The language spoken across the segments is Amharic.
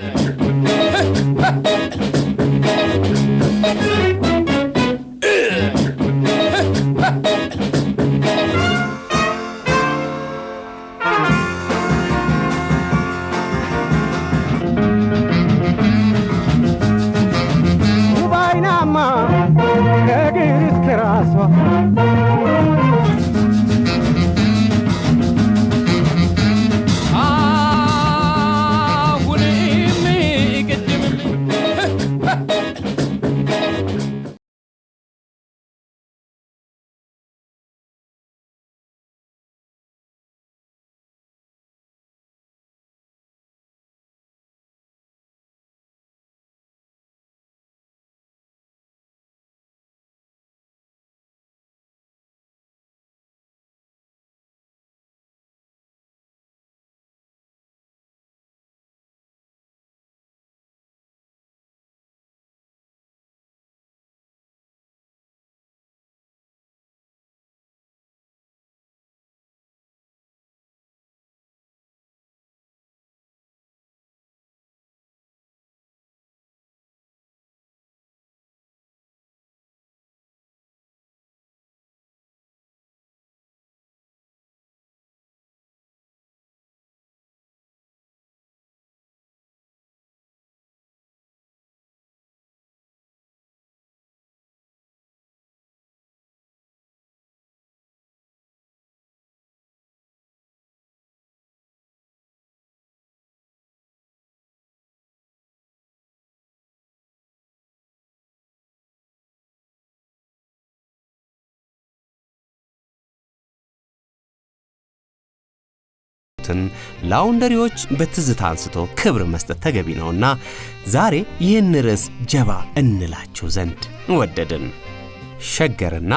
Ờ. Hey! የሆኑትን ላውንደሪዎች በትዝታ አንስቶ ክብር መስጠት ተገቢ ነውና ዛሬ ይህን ርዕስ ጀባ እንላችሁ ዘንድ ወደድን። ሸገርና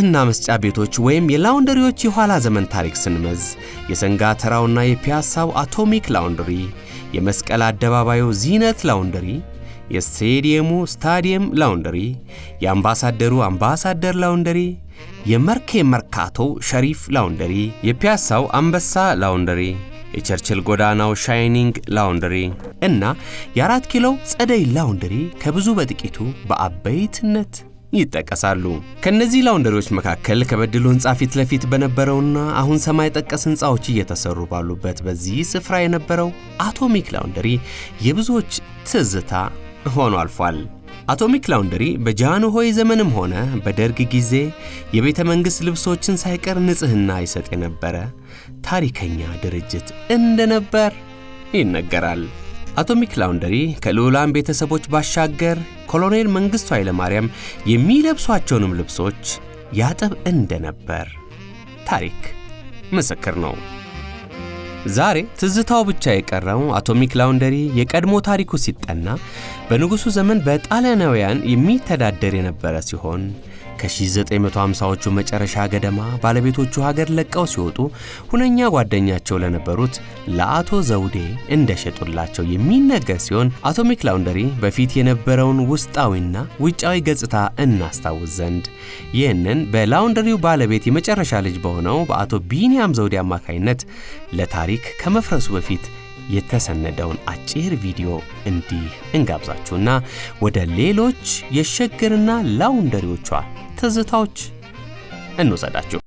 እና መስጫ ቤቶች ወይም የላውንደሪዎች የኋላ ዘመን ታሪክ ስንመዝ የሰንጋ ተራውና የፒያሳው አቶሚክ ላውንደሪ፣ የመስቀል አደባባዩ ዚነት ላውንደሪ፣ የስቴዲየሙ ስታዲየም ላውንደሪ፣ የአምባሳደሩ አምባሳደር ላውንደሪ፣ የመርኬ መርካቶ ሸሪፍ ላውንደሪ፣ የፒያሳው አንበሳ ላውንደሪ፣ የቸርችል ጎዳናው ሻይኒንግ ላውንደሪ እና የአራት ኪሎ ጸደይ ላውንደሪ ከብዙ በጥቂቱ በአበይትነት ይጠቀሳሉ። ከእነዚህ ላውንደሪዎች መካከል ከበድሉ ህንፃ ፊት ለፊት በነበረውና አሁን ሰማይ ጠቀስ ህንፃዎች እየተሰሩ ባሉበት በዚህ ስፍራ የነበረው አቶሚክ ላውንደሪ የብዙዎች ትዝታ ሆኖ አልፏል። አቶሚክ ላውንደሪ በጃንሆይ ዘመንም ሆነ በደርግ ጊዜ የቤተ መንግሥት ልብሶችን ሳይቀር ንጽሕና ይሰጥ የነበረ ታሪከኛ ድርጅት እንደነበር ይነገራል። አቶሚክ ላውንደሪ ከልዑላን ቤተሰቦች ባሻገር ኮሎኔል መንግሥቱ ኃይለማርያም የሚለብሷቸውንም ልብሶች ያጥብ እንደነበር ታሪክ ምስክር ነው። ዛሬ ትዝታው ብቻ የቀረው አቶሚክ ላውንደሪ የቀድሞ ታሪኩ ሲጠና በንጉሡ ዘመን በጣሊያናውያን የሚተዳደር የነበረ ሲሆን ከ1950ዎቹ መጨረሻ ገደማ ባለቤቶቹ ሀገር ለቀው ሲወጡ ሁነኛ ጓደኛቸው ለነበሩት ለአቶ ዘውዴ እንደሸጡላቸው የሚነገር ሲሆን አቶሚክ ላውንደሪ በፊት የነበረውን ውስጣዊና ውጫዊ ገጽታ እናስታውስ ዘንድ ይህንን በላውንደሪው ባለቤት የመጨረሻ ልጅ በሆነው በአቶ ቢኒያም ዘውዴ አማካይነት ለታሪክ ከመፍረሱ በፊት የተሰነደውን አጭር ቪዲዮ እንዲህ እንጋብዛችሁና ወደ ሌሎች የሸገርና ላውንደሪዎቿ ትዝታዎች እንውሰዳችሁ።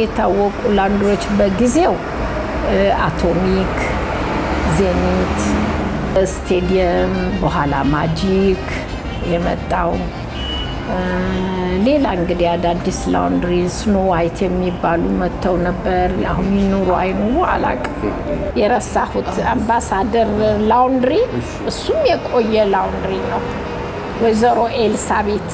የታወቁ ላንድሮች በጊዜው አቶሚክ፣ ዜኒት፣ ስቴዲየም፣ በኋላ ማጂክ የመጣው ሌላ እንግዲህ አዳዲስ ላውንድሪ ስኖ ዋይት የሚባሉ መጥተው ነበር። አሁን ይኑሩ አይኑሩ አላውቅም፣ የረሳሁት አምባሳደር ላውንድሪ፣ እሱም የቆየ ላውንድሪ ነው። ወይዘሮ ኤልሳቤት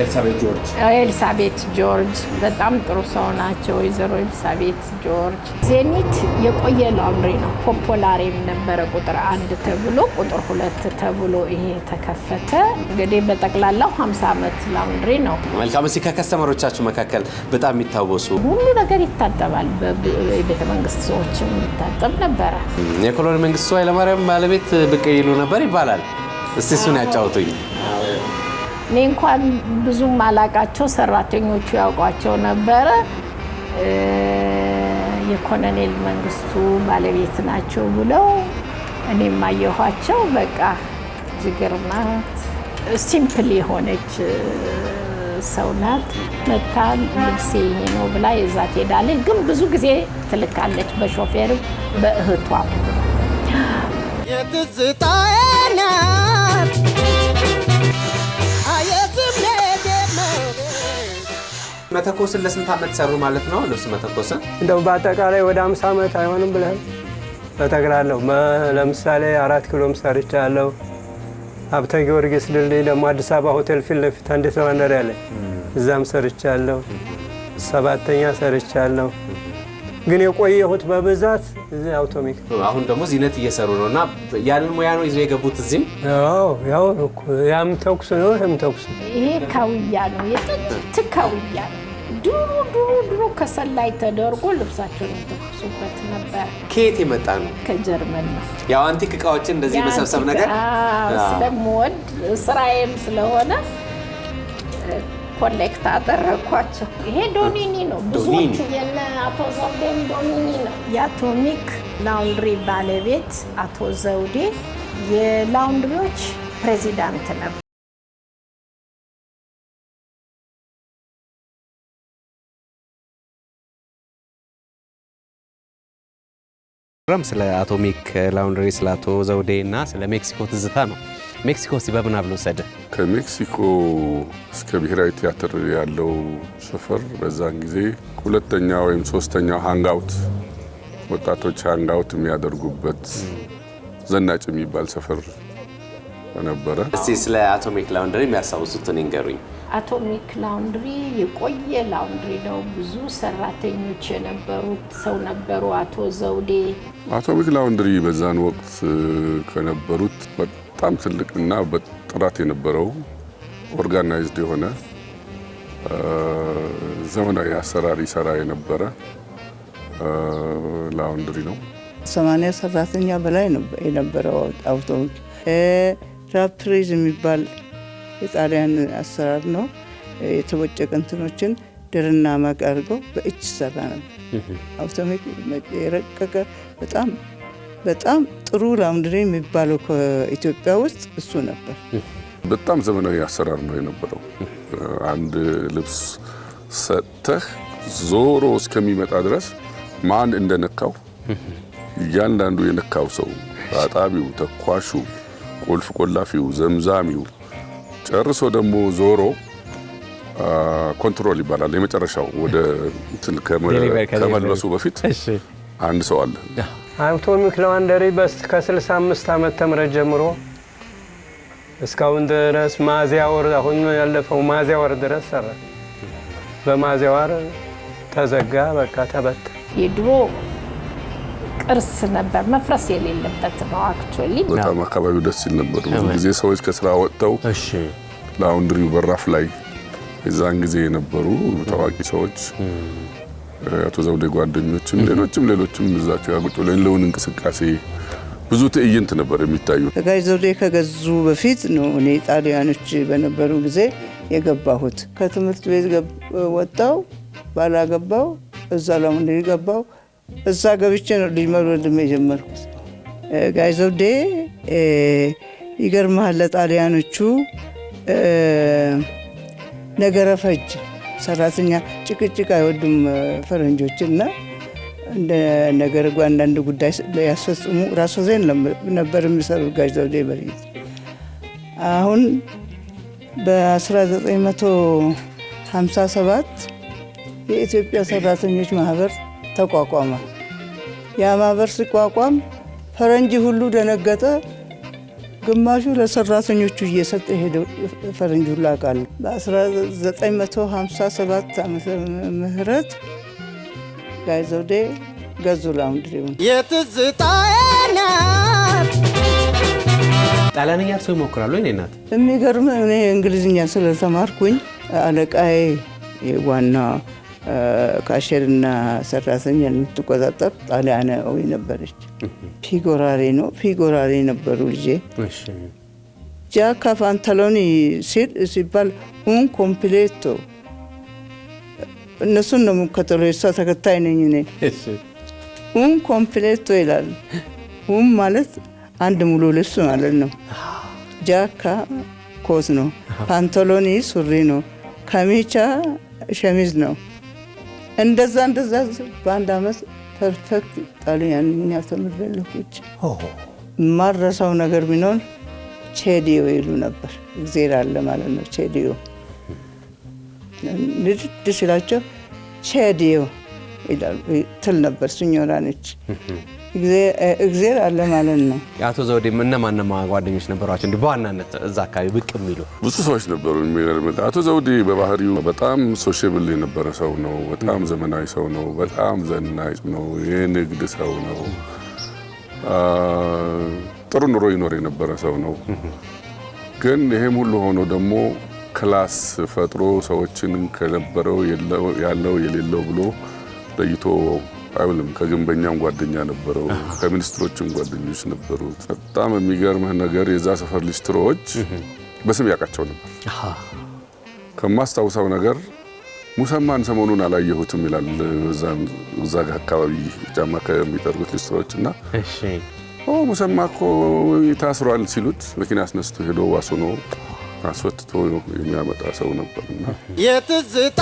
ኤልሳቤት ጆርጅ ኤልሳቤት ጆርጅ በጣም ጥሩ ሰው ናቸው። ወይዘሮ ኤልሳቤት ጆርጅ ዜኒት የቆየ ላምሪ ነው። ፖፖላሪም ነበረ ቁጥር አንድ ተብሎ ቁጥር ሁለት ተብሎ ይሄ ተከፈተ። እንግዲህ በጠቅላላው 50 ዓመት ላውንድሪ ነው። መልካም። እስኪ ከከስተመሮቻችሁ መካከል በጣም የሚታወሱ ሁሉ ነገር ይታጠባል። የቤተ መንግስት ሰዎችም ይታጠብ ነበረ። የኮሎኔል መንግስቱ ኃይለማርያም ባለቤት ብቅ ይሉ ነበር ይባላል። እስቲ እሱን ያጫውቱኝ። እኔ እንኳን ብዙም አላቃቸው፣ ሰራተኞቹ ያውቋቸው ነበረ። የኮሎኔል መንግስቱ ባለቤት ናቸው ብለው እኔም አየኋቸው። በቃ ጅግርናት ሲምፕል የሆነች ሰው ናት። መታ ልብሴ ይሄ ነው ብላ የዛ ትሄዳለች። ግን ብዙ ጊዜ ትልካለች፣ በሾፌር በእህቷ መተኮስን ለስንት ዓመት ሰሩ ማለት ነው? ልብስ መተኮስን እንደው በአጠቃላይ ወደ አምሳ ዓመት አይሆንም ብለን በጠቅላለሁ ለምሳሌ አራት ኪሎም ሰርቻለሁ። ሀብተ ጊዮርጊስ ድልድይ ደግሞ አዲስ አበባ ሆቴል ፊት ለፊት አንዴት ለማነሪያ ላይ እዛም ሰርቻለሁ። ሰባተኛ ሰርቻለሁ። ግን የቆየሁት በብዛት እዚህ አውቶሜክ። አሁን ደግሞ ዚነት እየሰሩ ነው እና ያንን ሙያ ነው ይዘው የገቡት እዚህም። ያው ያም ተኩስ ነው ይህም ተኩስ። ይሄ ካውያ ነው የጥንት ካውያ። ድሮ ድሮ ድሮ ከሰል ላይ ተደርጎ ልብሳቸውን የተኩሱበት ነበር። ከየት የመጣ ነው? ከጀርመን ነው። ያው አንቲክ እቃዎችን እንደዚህ መሰብሰብ ነገር ስለምወድ ስራዬም ስለሆነ ኮሌክት አደረግኳቸው። ይሄ ዶኒኒ ነው፣ ብዙዎቹ የነ አቶ ዘውዴም ዶኒኒ ነው። የአቶሚክ ላውንድሪ ባለቤት አቶ ዘውዴ የላውንድሪዎች ፕሬዚዳንት ነበር። ስለ አቶሚክ ላውንድሪ ስለ አቶ ዘውዴ እና ስለ ሜክሲኮ ትዝታ ነው። ሜክሲኮ ሲ በምናብ ልውሰድ። ከሜክሲኮ እስከ ብሔራዊ ቲያትር ያለው ሰፈር በዛን ጊዜ ሁለተኛ ወይም ሶስተኛው ሃንጋውት ወጣቶች ሃንጋውት የሚያደርጉበት ዘናጭ የሚባል ሰፈር ነበረ። እስቲ ስለ አቶሚክ ላውንድሪ የሚያስታውሱትን ይንገሩኝ። አቶሚክ ላውንድሪ የቆየ ላውንድሪ ነው። ብዙ ሰራተኞች የነበሩት ሰው ነበሩ። አቶ ዘውዴ አቶሚክ ላውንድሪ በዛን ወቅት ከነበሩት በጣም ትልቅ እና ጥራት የነበረው ኦርጋናይዝድ የሆነ ዘመናዊ አሰራር ይሰራ የነበረ ላውንድሪ ነው። ሰማንያ ሰራተኛ በላይ የነበረው አውቶቡስ ራፕትሬዝ የሚባል የጣሊያን አሰራር ነው። የተቦጨቀ እንትኖችን ድርና መቅ አድርገው በእጅ ሰራ ነበር። አውቶሜቲክ የረቀቀ በጣም በጣም ጥሩ ላውንድሪ የሚባለው ከኢትዮጵያ ውስጥ እሱ ነበር። በጣም ዘመናዊ አሰራር ነው የነበረው። አንድ ልብስ ሰጥተህ ዞሮ እስከሚመጣ ድረስ ማን እንደነካው እያንዳንዱ የነካው ሰው አጣቢው፣ ተኳሹ፣ ቁልፍ ቆላፊው፣ ዘምዛሚው ጨርሶ ደግሞ ዞሮ ኮንትሮል ይባላል። የመጨረሻው ወደ ከመልበሱ በፊት አንድ ሰው አለ አቶሚክ ላዋንደሪ በስት ከ65 ዓመት ምህረት ጀምሮ እስካሁን ድረስ ማዚያ ወር አሁን ያለፈው ማዚያ ወር ድረስ ሰራ። በማዚያ ወር ተዘጋ፣ በቃ ተበት። የድሮ ቅርስ ነበር፣ መፍረስ የሌለበት ነው። አክቹዋሊ በጣም አካባቢው ደስ ይል ነበር። ብዙ ጊዜ ሰዎች ከስራ ወጥተው ላውንድሪው በራፍ ላይ የዛን ጊዜ የነበሩ ታዋቂ ሰዎች አቶ ዘውዴ ጓደኞችም፣ ሌሎችም ሌሎችም እዛቸው ያቁጭ ብሎ እንቅስቃሴ ብዙ ትዕይንት ነበር የሚታዩ። ጋሽ ዘውዴ ከገዙ በፊት ነው እኔ ጣሊያኖች በነበሩ ጊዜ የገባሁት። ከትምህርት ቤት ወጣው ባላገባው እዛ ላሙንዲ ገባው። እዛ ገብቼ ነው ልጅ መውለድም የጀመርኩት። ጋሽ ዘውዴ ይገርመሃል ለጣሊያኖቹ ነገረ ፈጅ ሰራተኛ ጭቅጭቅ አይወዱም ፈረንጆችና እንደ ነገር አንዳንድ ጉዳይ ያስፈጽሙ ራሱ ዜን ነበር የሚሰሩ ጋሽ ዘውዴ በፊት። አሁን በ1957 የኢትዮጵያ ሰራተኞች ማህበር ተቋቋመ። ያ ማህበር ሲቋቋም ፈረንጅ ሁሉ ደነገጠ። ግማሹ ለሰራተኞቹ እየሰጠ ሄደው ፈረንጁ ላቃል። በ1957 ዓ ምህረት ጋይ ዘውዴ ገዙ ላውንድሪውን የትዝጣናት ጣሊያንኛ ሰው ይሞክራሉ። ኔ ናት የሚገርም እኔ እንግሊዝኛ ስለተማርኩኝ አለቃዬ ዋና ካሼርና ሰራተኛ የምትቆጣጠር ጣሊያናዊ ነበረች። ፊጎራሪ ነው ፊጎራሪ ነበሩ ልጄ። ጃካ ፓንታሎኒ ሲል ሲባል ኡን ኮምፕሌቶ እነሱን ነው የምከተለው። የእሷ ተከታይ ነኝ እኔ። ኡን ኮምፕሌቶ ይላል። ኡን ማለት አንድ ሙሉ ልብስ ማለት ነው። ጃካ ኮት ነው፣ ፓንታሎኒ ሱሪ ነው፣ ካሚቻ ሸሚዝ ነው። እንደዛ እንደዛ በአንድ አመት ፐርፌክት ጣሊያንኛ ተምሬያለሁ። ውጭ ማረሳው ነገር ቢኖር ቼዲዮ ይሉ ነበር። እግዜር አለ ማለት ነው። ቼዲዮ ልድድ ሲላቸው ቼዲዮ ይላሉ ትል ነበር። ሲኞራ ነች እግዜር አለ ማለት ነው። አቶ ዘውዴ እነማነማ ጓደኞች ነበሯቸው? እንዲ በዋናነት እዛ አካባቢ ብቅ የሚሉ ብዙ ሰዎች ነበሩ። አቶ ዘውዴ በባህሪው በጣም ሶሽብል የነበረ ሰው ነው። በጣም ዘመናዊ ሰው ነው። በጣም ዘናጭ ነው። የንግድ ሰው ነው። ጥሩ ኑሮ ይኖር የነበረ ሰው ነው። ግን ይሄም ሁሉ ሆኖ ደግሞ ክላስ ፈጥሮ ሰዎችን ከነበረው ያለው የሌለው ብሎ ለይቶ አይብልም ከግንበኛም ጓደኛ ነበረው፣ ከሚኒስትሮችም ጓደኞች ነበሩት። በጣም የሚገርምህ ነገር የዛ ሰፈር ሊስትሮዎች በስም ያውቃቸው ነበር። ከማስታውሰው ነገር ሙሰማን ሰሞኑን አላየሁትም ይላል። እዛ አካባቢ ጫማ ከሚጠርጉት ሊስትሮዎች እና ሙሰማ እኮ ታስሯል ሲሉት መኪና አስነስቶ ሄዶ ዋስኖ አስወጥቶ የሚያመጣ ሰው ነበርና የትዝታ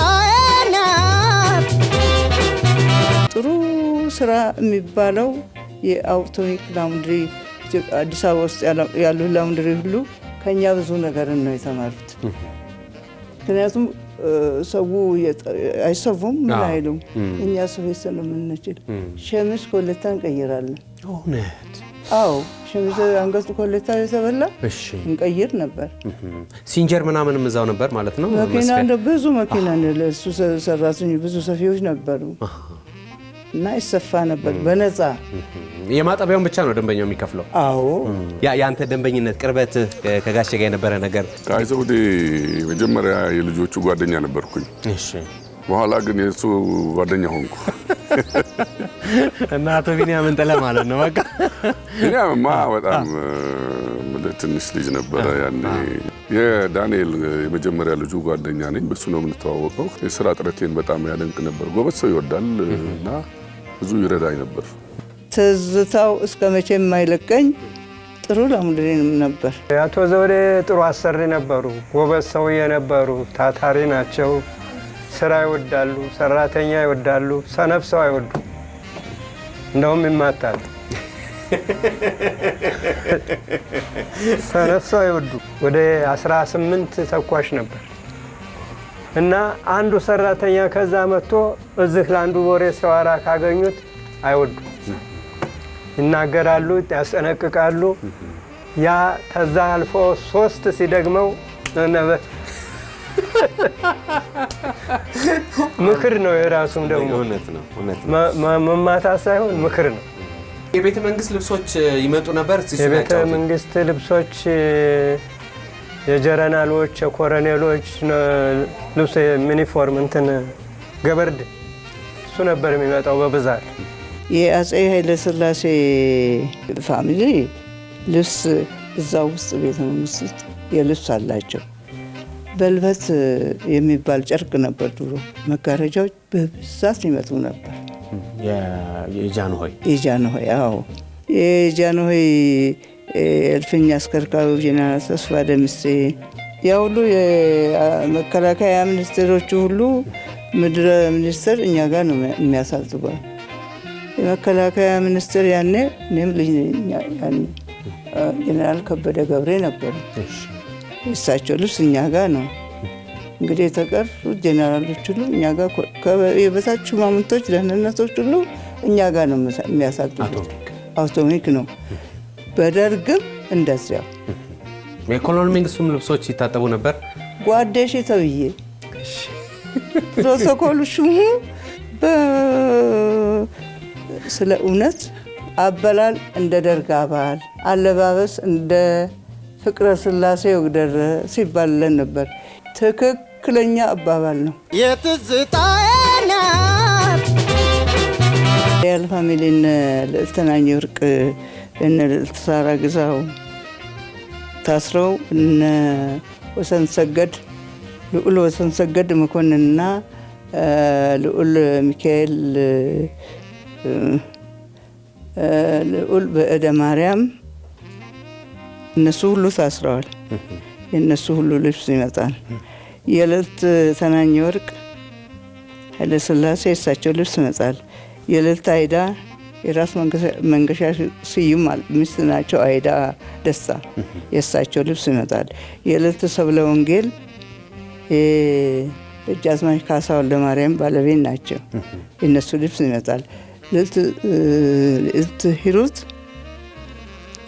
ስራ የሚባለው የአውቶሚክ ላውንድሪ አዲስ አበባ ውስጥ ያሉ ላውንድሪ ሁሉ ከኛ ብዙ ነገርን ነው የተማሩት። ምክንያቱም ሰው አይሰቡም፣ ምን አይሉም። እኛ ስፌት ስለምንችል ሸሚዝ ኮሌታ እንቀይራለን። እውነት? አዎ፣ ሸሚዝ አንገቱ ኮሌታ የተበላ እንቀይር ነበር። ሲንጀር ምናምን እዛው ነበር ማለት ነው። መኪና ብዙ መኪና ለሱ ሰራተኞች ብዙ ሰፊዎች ነበሩ። እና ይሰፋ ነበር በነፃ የማጠቢያውን ብቻ ነው ደንበኛው የሚከፍለው። አዎ ያ የአንተ ደንበኝነት ቅርበት ከጋሼ ጋር የነበረ ነገር አይዘውዴ መጀመሪያ የልጆቹ ጓደኛ ነበርኩኝ። በኋላ ግን የእሱ ጓደኛ ሆንኩ እና አቶ ቢኒያምን ጥለህ ማለት ነው። በቃ ቢኒያምማ በጣም ትንሽ ልጅ ነበረ ያኔ። የዳንኤል የመጀመሪያ ልጁ ጓደኛ ነኝ፣ በሱ ነው የምንተዋወቀው። የስራ ጥረቴን በጣም ያደንቅ ነበር። ጎበዝ ሰው ይወዳል እና ብዙ ይረዳኝ ነበር። ትዝታው እስከ መቼ የማይለቀኝ ጥሩ ለሙድሬን ነበር። አቶ ዘውዴ ጥሩ አሰሪ ነበሩ። ጎበዝ ሰው የነበሩ ታታሪ ናቸው። ስራ ይወዳሉ፣ ሰራተኛ ይወዳሉ። ሰነፍ ሰው አይወዱ፣ እንደውም ይማታል። ሰነፍ ሰው አይወዱ። ወደ 18 ተኳሽ ነበር እና አንዱ ሰራተኛ ከዛ መጥቶ እዚህ ለአንዱ ወሬ ሲያወራ ካገኙት አይወዱም፣ ይናገራሉ፣ ያስጠነቅቃሉ። ያ ከዛ አልፎ ሶስት ሲደግመው ነበት ምክር ነው። የራሱም ደግሞ መማታ ሳይሆን ምክር ነው። የቤተ መንግስት ልብሶች ይመጡ ነበር። የቤተ መንግስት ልብሶች የጀረናሎች የኮረኔሎች ልብስ ሚኒፎርም እንትን ገበርድ እሱ ነበር የሚመጣው በብዛት። የአጼ ኃይለ ስላሴ ፋሚሊ ልብስ እዛ ውስጥ ቤተ መንግስት የልብስ አላቸው። በልበት የሚባል ጨርቅ ነበር ድሮ። መጋረጃዎች በብዛት ይመጡ ነበር። የጃንሆይ የጃንሆይ አዎ የጃንሆይ እልፍኝ አስከርካሪው ጀነራል ተስፋ ደምሴ ያ ሁሉ የመከላከያ ሚኒስቴሮቹ ሁሉ ምድረ ሚኒስትር እኛ ጋር ነው የሚያሳልጥበል። የመከላከያ ሚኒስትር ያኔ እኔም ልጅ ጀነራል ከበደ ገብሬ ነበሩ። እሳቸው ልብስ እኛ ጋር ነው እንግዲህ የተቀሩ ጀነራሎች ሁሉ እኛ ጋር የበታች ሹማምንቶች፣ ደህንነቶች ሁሉ እኛ ጋር ነው የሚያሳልጡት። አውቶሚክ ነው በደርግም እንደዚያው የኮሎኔል መንግስቱም ልብሶች ይታጠቡ ነበር። ጓደሼ ተብዬ ፕሮቶኮሉ ሹሙ ስለ እውነት አበላል እንደ ደርግ አባል አለባበስ እንደ ፍቅረ ስላሴ ወግደር ሲባልለን ነበር። ትክክለኛ አባባል ነው። የትዝታናት ሪያል ፋሚሊን ልዕልት ወርቅ እነ ሳራ ግዛው ታስረው እነ ወሰን ሰገድ ልዑል ወሰን ሰገድ መኮንንና ልዑል ሚካኤል ልዑል በእደ ማርያም እነሱ ሁሉ ታስረዋል። የእነሱ ሁሉ ልብስ ይመጣል። የለት ተናኘ ወርቅ ኃይለስላሴ የእሳቸው ልብስ ይመጣል። የለት አይዳ የራስ መንገሻ ስዩም ሚስት ናቸው። አይዳ ደስታ የእሳቸው ልብስ ይመጣል። የዕለት ሰብለ ወንጌል ደጃዝማች ካሳ ለማርያም ባለቤት ናቸው። የነሱ ልብስ ይመጣል። ልዕልት ሂሩት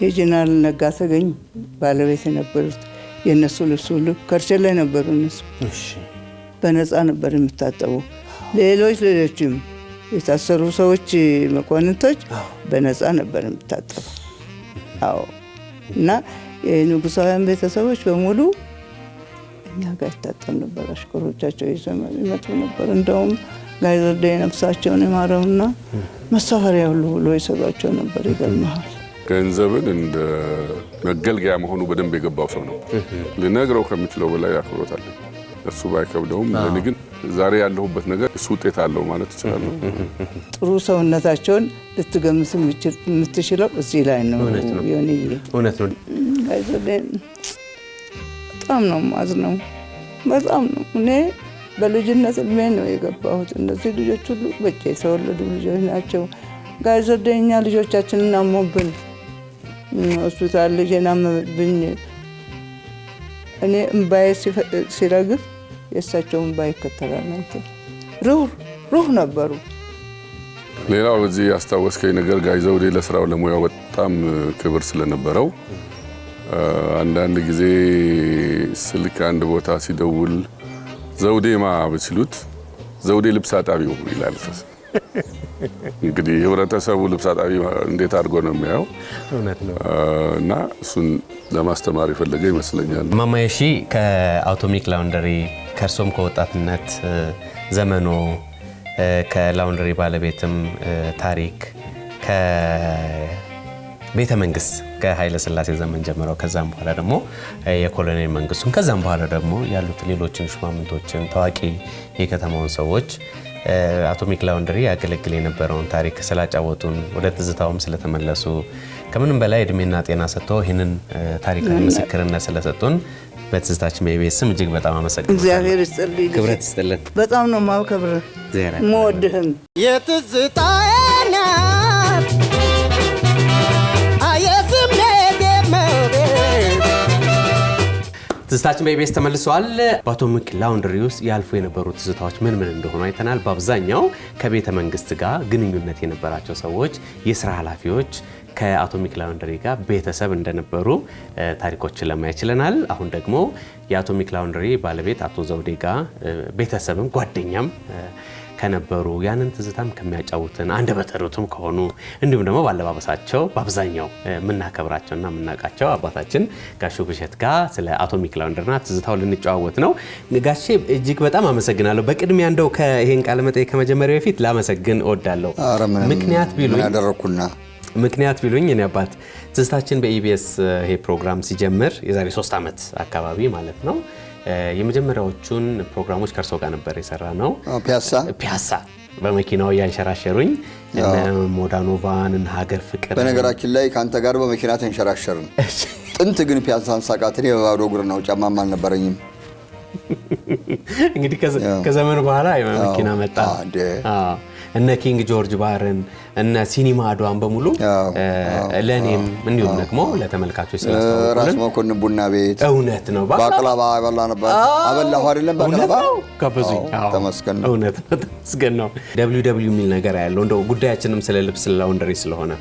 የጀነራል ነጋ ተገኝ ባለቤት የነበሩት የእነሱ ልብስ ሁሉ ከርቸን ላይ ነበሩ። እነሱ በነፃ ነበር የምታጠቡ ሌሎች ሌሎችም የታሰሩ ሰዎች መኳንንቶች በነፃ ነበር የምታጠፉ። አዎ እና የንጉሳውያን ቤተሰቦች በሙሉ እኛ ጋር ይታጠብ ነበር። አሽከሮቻቸው ይመጡ ነበር። እንደውም ጋይዘርደ ነፍሳቸውን የማረውና መሳፈሪያ ሁሉ ብሎ ይሰጧቸው ነበር። ይገርመሃል። ገንዘብን እንደ መገልገያ መሆኑ በደንብ የገባው ሰው ነው። ልነግረው ከምችለው በላይ አክብሮት እሱ ባይከብደውም ለእኔ ግን ዛሬ ያለሁበት ነገር እሱ ውጤት አለው ማለት እችላለሁ። ጥሩ ሰውነታቸውን ልትገምስ የምትችለው እዚህ ላይ ነው። እውነት ነው። በጣም ነው የማዝነው፣ በጣም ነው። እኔ በልጅነት እድሜ ነው የገባሁት። እነዚህ ልጆች ሁሉ በቃ የተወለዱ ልጆች ናቸው። ጋይዘደኛ ልጆቻችንን አሞብን ሆስፒታል ልጅ አመብኝ እኔ እምባዬ ሲረግፍ የእሳቸው እምባ ይከተላል። ሩህ ሩህ ነበሩ። ሌላው በዚህ ያስታወስከኝ ነገር ጋሽ ዘውዴ ለስራው ለሙያው በጣም ክብር ስለነበረው አንዳንድ ጊዜ ስልክ አንድ ቦታ ሲደውል ዘውዴ ማ ብችሉት ዘውዴ ልብስ አጣቢው ይላል። እንግዲህ ህብረተሰቡ ልብስ አጣቢ እንዴት አድርጎ ነው የሚያየው እና እሱን ለማስተማር የፈለገ ይመስለኛል። ማማየሺ ከአቶሚክ ላውንደሪ ከእርሶም ከወጣትነት ዘመኖ ከላውንደሪ ባለቤትም ታሪክ ከቤተ መንግስት ከኃይለ ስላሴ ዘመን ጀምረው ከዛም በኋላ ደግሞ የኮሎኔል መንግስቱን ከዛም በኋላ ደግሞ ያሉት ሌሎችን ሹማምንቶችን ታዋቂ የከተማውን ሰዎች አቶሚክ ላውንደሪ ያገለግል የነበረውን ታሪክ ስላጫወቱን ወደ ትዝታውም ስለተመለሱ ከምንም በላይ እድሜና ጤና ሰጥቶ ይህንን ታሪካዊ ምስክርነት ስለሰጡን በትዝታችን በኢቢኤስ ስም እጅግ በጣም አመሰግናለሁ። እግዚአብሔር ይስጥልኝ። ክብረት ይስጥልን። በጣም ነው ማው ከብር ሞወድህም የትዝታ ትዝታችን በኢቢኤስ ተመልሷል። በአቶሚክ ላውንድሪ ውስጥ ያልፉ የነበሩ ትዝታዎች ምን ምን እንደሆኑ አይተናል። በአብዛኛው ከቤተ መንግስት ጋር ግንኙነት የነበራቸው ሰዎች፣ የስራ ኃላፊዎች ከአቶሚክ ላውንድሪ ጋር ቤተሰብ እንደነበሩ ታሪኮችን ለማየት ችለናል። አሁን ደግሞ የአቶሚክ ላውንድሪ ባለቤት አቶ ዘውዴ ጋር ቤተሰብም ጓደኛም ከነበሩ ያንን ትዝታም ከሚያጫውትን አንደበተ ርቱዕ ከሆኑ እንዲሁም ደግሞ ባለባበሳቸው በአብዛኛው የምናከብራቸውና የምናውቃቸው አባታችን ጋሹ ብሸት ጋር ስለ አቶሚክ ላውንደርና ትዝታው ልንጨዋወት ነው። ጋሼ እጅግ በጣም አመሰግናለሁ። በቅድሚያ እንደው ይህን ቃለ መጠይቅ ከመጀመሪያ በፊት ላመሰግን እወዳለሁ። ምክንያት ቢሉኝ ምክንያት ቢሉኝ እኔ አባት ትዝታችን በኢቢኤስ ይሄ ፕሮግራም ሲጀምር የዛሬ ሶስት ዓመት አካባቢ ማለት ነው የመጀመሪያዎቹን ፕሮግራሞች ከእርሶ ጋር ነበር የሰራ ነው። ፒያሳ ፒያሳ በመኪናው እያንሸራሸሩኝ ሞዳኖቫን ሀገር ፍቅር። በነገራችን ላይ ከአንተ ጋር በመኪና ተንሸራሸርን። ጥንት ግን ፒያሳ አንሳቃትን እኔ እግር ነው፣ ጫማም አልነበረኝም። እንግዲህ ከዘመን በኋላ መኪና መጣ። እነ ኪንግ ጆርጅ ባርን እነ ሲኒማ አድዋን በሙሉ ለእኔም እንዲሁም ደግሞ ለተመልካቾች ራስ መኮንን ቡና ቤት እውነት ነው። ባቅላባ አበላ ነበር አበላሁ አይደለም ባቅላባ ጋበዙኝ። ተመስገን እውነት ነው። ተመስገን ነው። ደብሊው ደብሊው የሚል ነገር ያለው እንደው ጉዳያችንም ስለ ልብስ ላውንደሪ ስለሆነ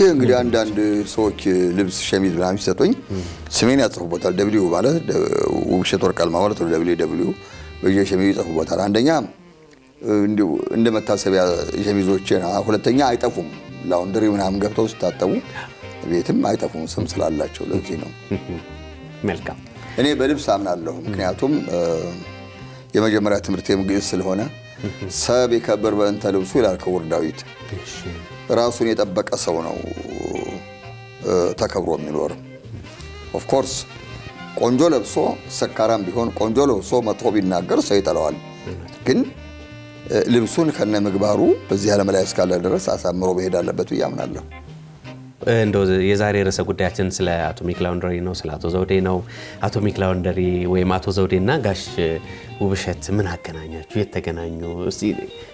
ይህ እንግዲህ አንዳንድ ሰዎች ልብስ ሸሚዝ ምናምን ሲሰጡኝ ስሜን ያጽፉበታል። ደብሊው ማለት ውብሸት ወርቅ ማለት ነው። ደብሊው ደብሊው በየሸሚዙ ይጽፉበታል አንደኛ እንደ መታሰቢያ ሸሚዞችን ሁለተኛ አይጠፉም። ላውንደሪ ምናምን ገብተው ስታጠቡ ቤትም አይጠፉም ስም ስላላቸው። ለዚህ ነው መልካም። እኔ በልብስ አምናለሁ። ምክንያቱም የመጀመሪያ ትምህርቴም ግዕዝ ስለሆነ ሰብ የከበር በእንተ ልብሱ ይላል ክቡር ዳዊት። ራሱን የጠበቀ ሰው ነው ተከብሮ የሚኖር። ኦፍኮርስ ቆንጆ ለብሶ ሰካራም ቢሆን ቆንጆ ለብሶ መጥፎ ቢናገር ሰው ይጠላዋል ግን ልብሱን ከነ ምግባሩ በዚህ ዓለም ላይ እስካለ ድረስ አሳምሮ መሄድ አለበት ብዬ አምናለሁ። እንደው የዛሬ ርዕሰ ጉዳያችን ስለ ሚክ ላውንደሪ ነው፣ ስለ አቶ ዘውዴ ነው። አቶሚክ ላውንደሪ ወይም አቶ ዘውዴ ጋሽ ውብሸት ምን አገናኛችሁ? የት ተገናኙ?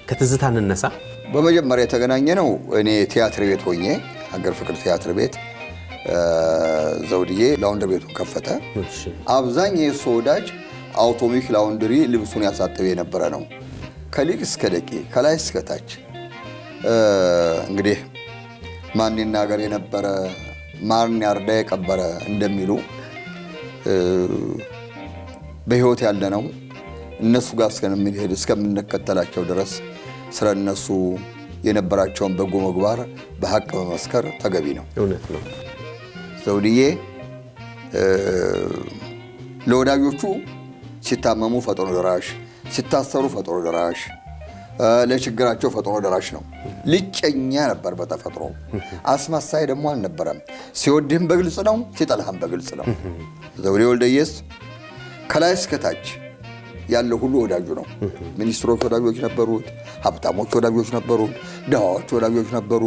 ከትዝታ እንነሳ። በመጀመሪያ የተገናኘ ነው እኔ ቲያትር ቤት ሆኜ ሀገር ፍቅር ቲያትር ቤት ዘውድዬ ላውንደር ቤቱን ከፈተ። አብዛኛው የእሱ ወዳጅ አውቶሚክ ላውንድሪ ልብሱን ያሳጥብ የነበረ ነው። ከሊቅ እስከ ደቂቅ ከላይ እስከ ታች እንግዲህ ማን ይናገር የነበረ ማን ያርዳ የቀበረ እንደሚሉ ያለ ያለነው እነሱ ጋር እስከምንሄድ እስከምንከተላቸው ድረስ ስለ እነሱ የነበራቸውን በጎ መግባር በሀቅ መመስከር ተገቢ ነው። እውነት ነው። ዘውድዬ ለወዳጆቹ ሲታመሙ ፈጥኖ ደራሽ ሲታሰሩ ፈጥኖ ደራሽ ለችግራቸው ፈጥኖ ደራሽ ነው። ልጨኛ ነበር በተፈጥሮ አስመሳይ ደግሞ አልነበረም። ሲወድህም በግልጽ ነው፣ ሲጠላህም በግልጽ ነው። ዘውዴ ወልደየስ ከላይ እስከታች ያለው ሁሉ ወዳጁ ነው። ሚኒስትሮች ወዳጆች ነበሩት፣ ሀብታሞች ወዳጆች ነበሩት፣ ድሃዎች ወዳጆች ነበሩ፣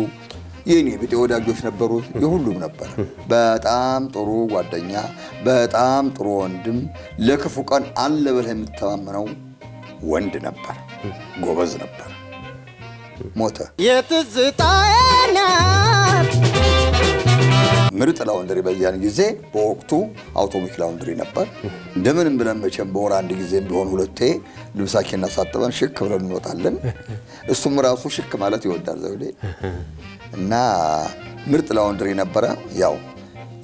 የኔ ብጤ ወዳጆች ነበሩት። የሁሉም ነበር። በጣም ጥሩ ጓደኛ፣ በጣም ጥሩ ወንድም፣ ለክፉ ቀን አለ ብለህ የምተማመነው ወንድ ነበር፣ ጎበዝ ነበር። ሞተ። የትዝታናት ምርጥ ላውንድሪ በዚያን ጊዜ በወቅቱ አውቶሚክ ላውንድሪ ነበር። እንደምንም ብለን መቼም በወር አንድ ጊዜ ቢሆን ሁለቴ ልብሳችን እናሳጥበን ሽክ ብለን እንወጣለን። እሱም ራሱ ሽክ ማለት ይወዳል ዘውዴ እና ምርጥ ላውንድሪ ነበረ። ያው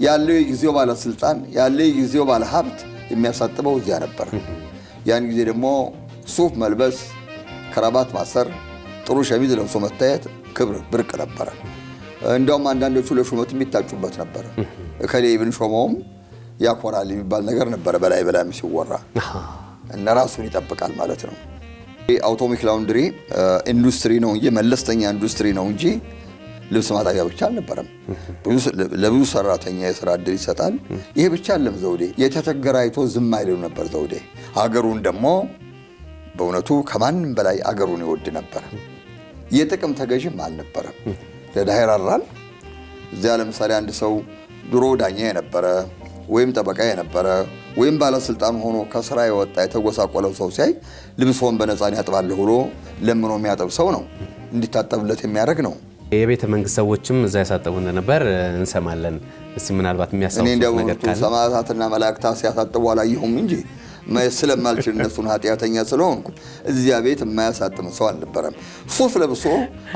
ያለው የጊዜው ባለስልጣን ያለው የጊዜው ባለሀብት የሚያሳጥበው እዚያ ነበር። ያን ጊዜ ደግሞ ሱፍ መልበስ፣ ከረባት ማሰር፣ ጥሩ ሸሚዝ ለብሶ መታየት ክብር ብርቅ ነበረ። እንዲያውም አንዳንዶቹ ለሹመት የሚታጩበት ነበረ። እከሌ ብንሾመውም ያኮራል የሚባል ነገር ነበረ በላይ በላይም ሲወራ እና ራሱን ይጠብቃል ማለት ነው። አውቶሚክ ላውንድሪ ኢንዱስትሪ ነው እንጂ መለስተኛ ኢንዱስትሪ ነው እንጂ ልብስ ማጠቢያ ብቻ አልነበረም። ለብዙ ሰራተኛ የስራ እድል ይሰጣል። ይሄ ብቻ አለም ዘውዴ የተቸገረ አይቶ ዝም አይልም ነበር ዘውዴ ሀገሩን ደግሞ በእውነቱ ከማንም በላይ አገሩን ይወድ ነበር። የጥቅም ተገዥም አልነበረም። ለድሃ ይራራል። እዚያ ለምሳሌ አንድ ሰው ድሮ ዳኛ የነበረ ወይም ጠበቃ የነበረ ወይም ባለስልጣን ሆኖ ከስራ የወጣ የተጎሳቆለው ሰው ሲያይ ልብሶን በነፃን ያጥባል ብሎ ለምኖ የሚያጠብ ሰው ነው፣ እንዲታጠብለት የሚያደርግ ነው። የቤተ መንግስት ሰዎችም እዛ ያሳጠቡ እንደነበር እንሰማለን። እስቲ ምናልባት የሚያሳ ነገር ሰማዕታትና መላእክታት ሲያሳጥቡ አላየሁም እንጂ ስለማልችል እነሱን ኃጢአተኛ ስለሆንኩ እዚያ ቤት የማያሳጥም ሰው አልነበረም። ሱፍ ለብሶ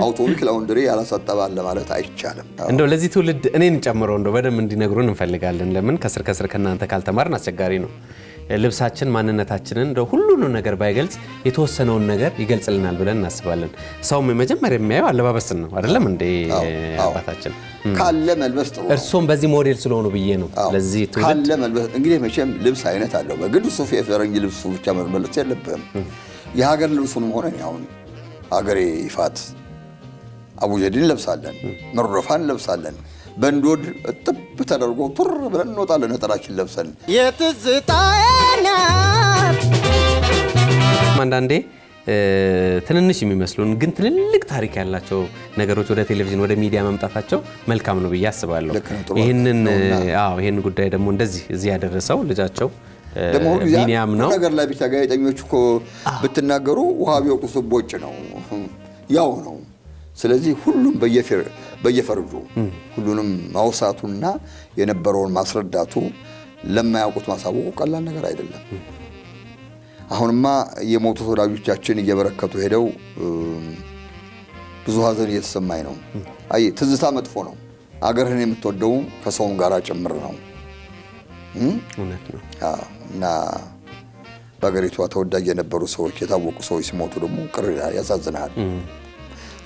አውቶቢክ ላውንድሪ ያላሳጠባለ ማለት አይቻልም። እንደው ለዚህ ትውልድ እኔን ጨምሮ እንደው በደንብ እንዲነግሩን እንፈልጋለን። ለምን ከስር ከስር ከእናንተ ካልተማርን አስቸጋሪ ነው። ልብሳችን ማንነታችንን እንደ ሁሉንም ነገር ባይገልጽ የተወሰነውን ነገር ይገልጽልናል ብለን እናስባለን። ሰውም መጀመሪያ የሚያየው አለባበስን ነው አይደለም እንዴ? አባታችን ካለ መልበስ ጥሩ። እርስዎም በዚህ ሞዴል ስለሆኑ ብዬ ነው። ለዚህ ካለ መልበስ እንግዲህ መቼም ልብስ አይነት አለው። በግድ ሱፍ የፈረንጅ ልብስ ብቻ መልበስ የለብህም። የሀገር ልብሱን ሆነ አሁን ሀገሬ ይፋት አቡጀዲን ለብሳለን፣ መሮፋን ለብሳለን በንዶድ እጥብ ተደርጎ ቱር ብለን እንወጣለን ነጠላችን ለብሰን የትዝታናት አንዳንዴ ትንንሽ የሚመስሉን ግን ትልልቅ ታሪክ ያላቸው ነገሮች ወደ ቴሌቪዥን ወደ ሚዲያ መምጣታቸው መልካም ነው ብዬ አስባለሁ። ይህንን ጉዳይ ደግሞ እንደዚህ እዚህ ያደረሰው ልጃቸው ደግሞ ነው። ነገር ላይ ብቻ ጋዜጠኞች እኮ ብትናገሩ ውሃ ቢወቅሱ ቦጭ ነው ያው ነው። ስለዚህ ሁሉም በየፌር በየፈርጁ ሁሉንም ማውሳቱና የነበረውን ማስረዳቱ ለማያውቁት ማሳወቁ ቀላል ነገር አይደለም። አሁንማ የሞቱት ወዳጆቻችን እየበረከቱ ሄደው ብዙ ሀዘን እየተሰማኝ ነው። አይ ትዝታ መጥፎ ነው። አገርህን የምትወደው ከሰውም ጋር ጭምር ነው እና በሀገሪቷ ተወዳጅ የነበሩ ሰዎች የታወቁ ሰዎች ሲሞቱ ደግሞ ቅር ያሳዝናል።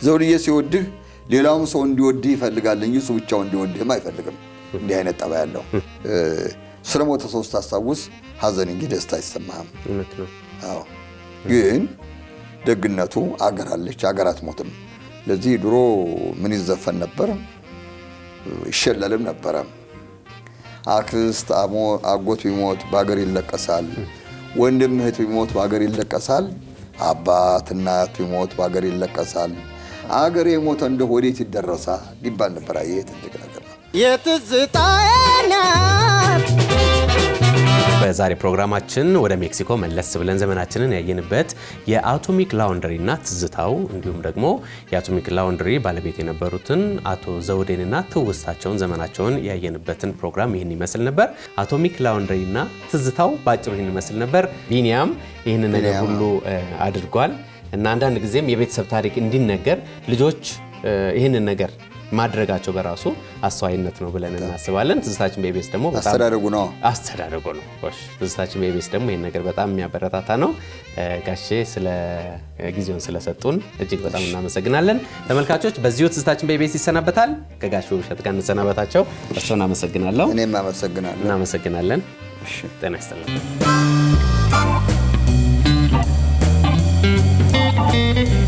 ዘውድዬ ሲወድህ ሌላውም ሰው እንዲወድህ ይፈልጋል እንጂ እሱ ብቻው እንዲወድህም አይፈልግም። እንዲህ አይነት ጠባ ያለው ስለ ሞተ ሰው ስታስታውስ ሀዘን እንጂ ደስታ አይሰማህም። ግን ደግነቱ አገር አለች፣ አገር አትሞትም። ለዚህ ድሮ ምን ይዘፈን ነበር? ይሸለልም ነበረ። አክስት አጎት ቢሞት በሀገር ይለቀሳል። ወንድም እህት ቢሞት በሀገር ይለቀሳል። አባት እናት ቢሞት በሀገር ይለቀሳል። አገር የሞተ እንደ ወዴት ይደረሳ ይባል ነበር። አየህ ትልቅ ነገር ነው። በዛሬ ፕሮግራማችን ወደ ሜክሲኮ መለስ ብለን ዘመናችንን ያየንበት የአቶሚክ ላውንድሪ እና ትዝታው እንዲሁም ደግሞ የአቶሚክ ላውንድሪ ባለቤት የነበሩትን አቶ ዘውዴንና ትውስታቸውን ዘመናቸውን ያየንበትን ፕሮግራም ይህን ይመስል ነበር። አቶሚክ ላውንድሪ እና ትዝታው በአጭሩ ይህን ይመስል ነበር። ቢኒያም ይህንን ነገር ሁሉ አድርጓል። እና አንዳንድ ጊዜም የቤተሰብ ታሪክ እንዲነገር ልጆች ይህንን ነገር ማድረጋቸው በራሱ አስተዋይነት ነው ብለን እናስባለን። ትዝታችን በኢቢኤስ ደግሞ አስተዳደጉ ነው አስተዳደጉ ነው። ትዝታችን በኢቢኤስ ደግሞ ይህን ነገር በጣም የሚያበረታታ ነው። ጋሼ ስለ ጊዜውን ስለሰጡን እጅግ በጣም እናመሰግናለን። ተመልካቾች በዚሁ ትዝታችን በኢቢኤስ ይሰናበታል። ከጋሽ ውብሸት ጋር እንሰናበታቸው። እርስዎን አመሰግናለሁ። እኔም አመሰግናለሁ። እናመሰግናለን። ጤና ይስጥልን። you